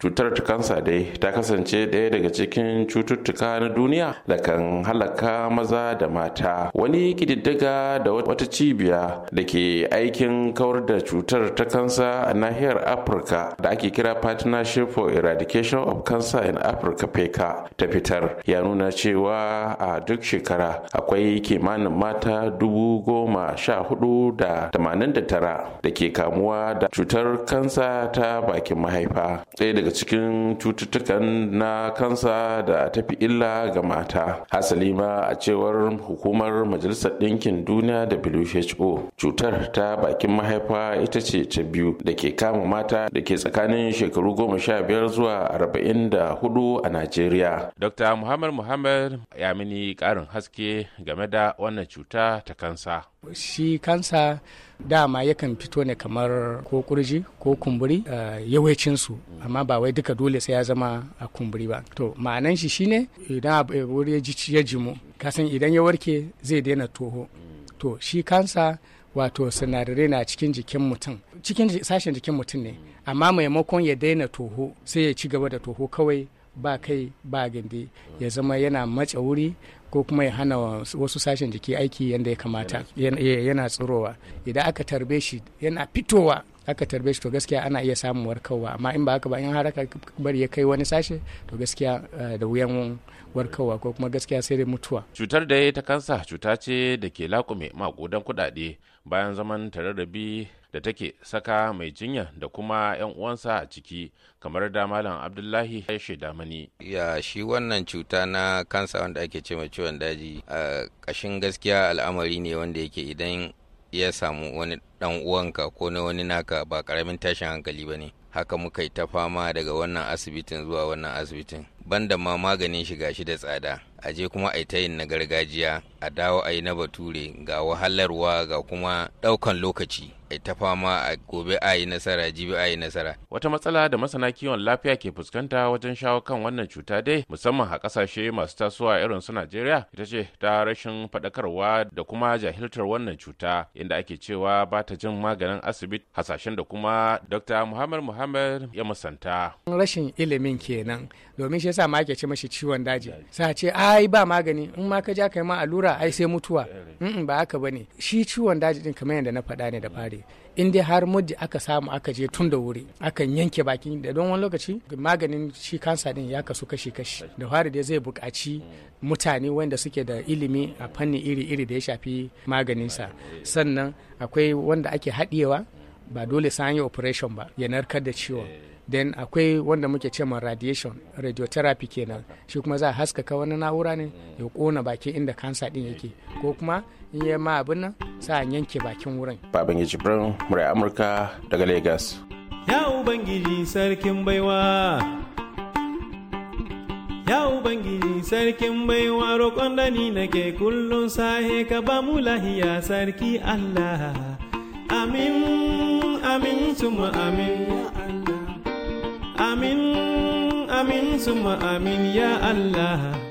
cutar kansa dai ta kasance ɗaya daga cikin cututtuka na duniya da kan halaka maza da mata wani ƙididdiga da wata cibiya da ke aikin kawar da cutar ta kansa a nahiyar afirka da ake kira partnership for eradication of cancer in africa peka ta fitar ya nuna cewa a duk shekara akwai kimanin mata dubu goma sha hudu da tamanin da tara da ke kamuwa da cutar kansa ta bakin mahaifa ɗaya daga daga cikin cututtukan na kansa da tafi illa ga mata hasali ma a cewar hukumar majalisar ɗinkin duniya da who cutar ta bakin mahaifa ita ce ta biyu da ke kama mata da ke tsakanin shekaru goma sha biyar zuwa arba'in da hudu a najeriya dr muhammad muhammad ya mini ƙarin haske game da wannan cuta ta kansa shi kansa dama yakan fito ne kamar ko kurji ko kumburi eh, yawancinsu amma ba wai duka dole sai ya zama a kumburi ba to ma'anan shi shine idan eh, wuri ya jimu kasan idan ya warke zai daina toho to shi kansa wato sinadarai na cikin jikin mutum cikin sashen jikin mutum ne amma maimakon ya daina toho sai ya ci gaba da toho kawai ba kai ba gindi ya zama yana matse wuri ko kuma ya hana wasu sashen jiki aiki yadda ya kamata yana tsirowa idan aka tarbe shi yana fitowa aka tarbe shi to gaskiya ana iya samun warkarwa amma in ba haka ba in har bari ya kai wani sashe to gaskiya eh, da wuyan warkarwa ko kuma gaskiya sai da mutuwa cutar da ta kansa cuta ce da ke lakume makudan kuɗaɗe bayan zaman tararrabi da take saka mai jinya da kuma 'yan uwansa a ciki kamar da malam abdullahi ya shaida mani ya shi wannan cuta na kansa wanda ake ce ciwon daji a ƙashin gaskiya al'amari ne wanda yake idan ya samu wani dan uwanka ko na wani naka ba karamin tashin hankali ba ne haka muka yi ta fama daga wannan asibitin zuwa wannan asibitin banda ma maganin shiga shi da tsada a je kuma a ta yin na gargajiya a dawo a yi na bature ga wahalarwa ga kuma ɗaukan lokaci a ta fama a gobe a yi nasara jibi a yi nasara. Wata matsala da masana kiwon lafiya ke fuskanta wajen shawo kan wannan cuta dai musamman a kasashe masu tasowa irin su Najeriya ita ce ta rashin faɗakarwa da kuma jahiltar wannan cuta inda ake cewa ba ta jin maganin asibiti hasashen da kuma Dr. Muhammad Muhammad ya musanta. Rashin ilimin kenan domin shi yasa ma ake ce mashi ciwon daji. Sa ce a ah, ai ba magani in ma ka ja kai ma allura ai sai mutuwa in ba haka ne shi ciwon daji din kamar yadda na faɗa ne da fari in dai har muddi aka samu aka je tun da wuri akan yanke bakin da don wani lokaci maganin shi kansa din ya kasu kashi kashi da fari dai zai buƙaci mutane wanda suke da ilimi a fanni iri iri da ya shafi maganinsa sannan akwai wanda ake haɗewa ba dole sa an yi operation ba ya narkar da ciwon den eh. akwai wanda muke ce ma radiation radiotherapy kenan shi kuma za a haskaka wani na'ura ne ya kona eh. bakin inda kansa din yake ko kuma in yi ma abin nan sa a yanke bakin wurin baban yi jibrin murai amurka daga lagos ya ubangiji sarkin baiwa ya ubangiji sarkin baiwa roƙon da ni nake kullum sahe ka ba mu lahiya sarki allah Amin, amin, suma amin, ya Allah. Amin, amin, suma amin, ya Allah.